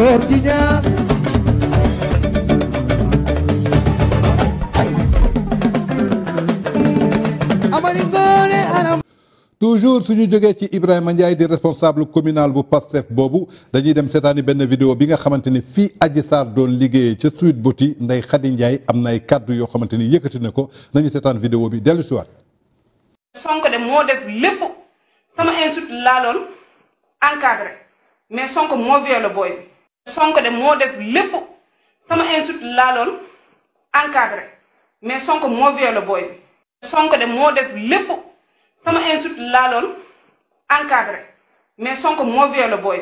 góor gi toujours suñu jógee ci Ibrahima Ndiaye di responsable communal bu Pastef boobu dañuy dem seetaani benn vidéo bi nga xamante ni fii Adji Sarr doon liggéeyee ca Sweet Beauty Ndeye Khady Ndiaye am na ay kàddu yoo xamante ni yëkkati na ko nañu seetaan vidéo bi dellu si waat Sonko moo def lépp sama insulte laa loon mais Sonko moo violé booy Sonko de moo def lépp sama insulte laa loon encadré mais Sonko moo violé booy bi Sonko de moo def lépp sama insulte laa loon encadré mais Sonko moo violé booy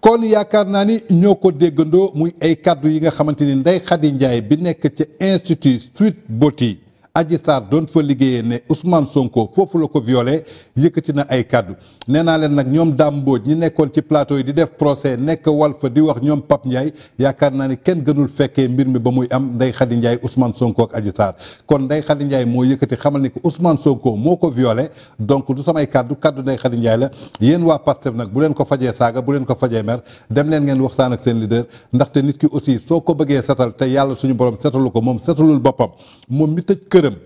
kon yaakaar naa ni ñoo ko déggandoo muy ay kàddu yi nga xamante ni Ndeye Khady Ndiaye bi nekk ca institut Sweet Beauté Adji Sarr doon fa liggéeye ne Ousmane Sonko foofu la ko violé yëkkati na ay kàddu nee naa leen nag ñoom Dame Mbodj ñi nekkoon ci plateau yi di def procès nekk wal Walf di wax ñoom Pape Ndiaye yaakaar naa ni kenn gënul fekkee mbir mi ba muy am Ndeye Khady Ndiaye Ousmane Sonko ak Adji Sarr kon Ndeye Khady Ndiaye moo yëkkati xamal ni ko Ousmane Sonko moo ko violé donc du samay kàddu kàddu Ndeye Khady Ndiaye la yéen waa Pastef nag bu leen ko fajee saaga bu leen ko fajee mer dem leen ngeen waxtaan seen leader ndaxte nit ki aussi soo ko bëggee setal te yàlla suñu borom setalu ko moom setalul boppam këram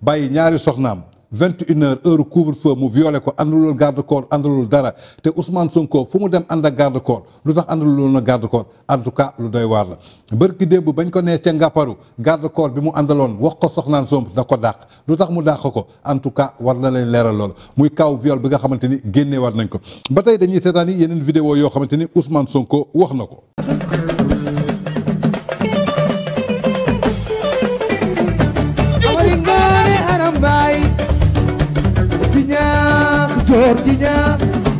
bàyyi ñaari soxnaam vingt une heure heure couvre-feu mu violé ko àndalul garde corps àndalul dara te Ousmane Sonko fu mu dem ànd ak garde corps lu tax àndalul na garde corps en tout cas lu doy waar la. bërki démb bañ ko nee ca ngàpparu garde corps bi mu àndaloon wax ko soxnaan som da ko dàq lu tax mu dàq ko en tout cas war na leen leeral loolu muy kaw viol bi nga xamante ni génne war nañ ko ba tey dañuy seetaan yi yeneen vidéo yoo xamante ni Ousmane Sonko wax na ko. portinya